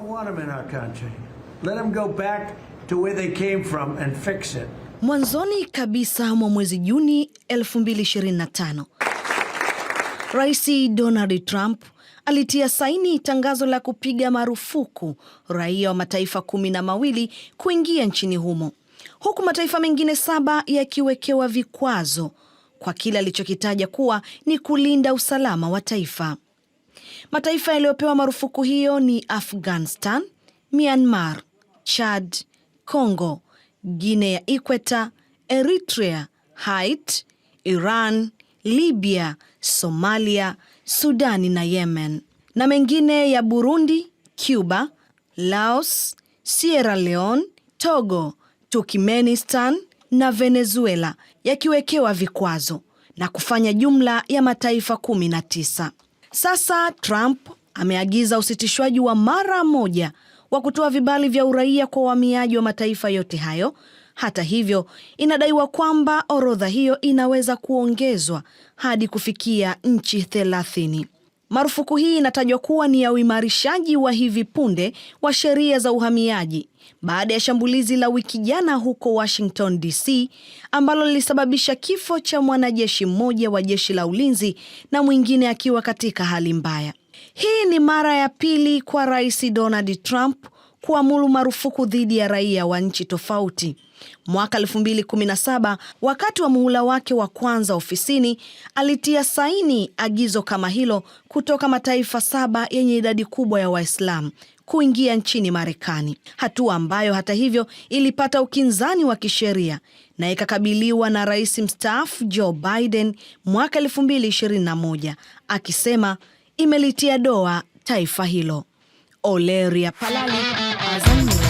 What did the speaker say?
don't want them in our country. Let them go back to where they came from and fix it. Mwanzoni kabisa mwa mwezi Juni 2025 Rais Donald Trump alitia saini tangazo la kupiga marufuku raia wa mataifa kumi na mawili kuingia nchini humo huku mataifa mengine saba yakiwekewa vikwazo kwa kile alichokitaja kuwa ni kulinda usalama wa taifa. Mataifa yaliyopewa marufuku hiyo ni Afghanistan, Myanmar, Chad, Congo, Guinea ya Ikweta, Eritrea, Haiti, Iran, Libya, Somalia, Sudani na Yemen, na mengine ya Burundi, Cuba, Laos, Sierra Leone, Togo, Turkmenistan na Venezuela yakiwekewa vikwazo na kufanya jumla ya mataifa kumi na tisa. Sasa Trump ameagiza usitishwaji wa mara moja wa kutoa vibali vya uraia kwa wahamiaji wa mataifa yote hayo. Hata hivyo, inadaiwa kwamba orodha hiyo inaweza kuongezwa hadi kufikia nchi thelathini. Marufuku hii inatajwa kuwa ni ya uimarishaji wa hivi punde wa sheria za uhamiaji baada ya shambulizi la wiki jana huko Washington DC ambalo lilisababisha kifo cha mwanajeshi mmoja wa jeshi la ulinzi na mwingine akiwa katika hali mbaya. Hii ni mara ya pili kwa Rais Donald Trump kuamuru marufuku dhidi ya raia wa nchi tofauti. Mwaka 2017 wakati wa muhula wake wa kwanza ofisini, alitia saini agizo kama hilo kutoka mataifa saba yenye idadi kubwa ya Waislamu kuingia nchini Marekani, hatua ambayo hata hivyo ilipata ukinzani wa kisheria na ikakabiliwa na rais mstaafu Joe Biden mwaka 2021 akisema imelitia doa taifa hilo. Oleria Palali, Azam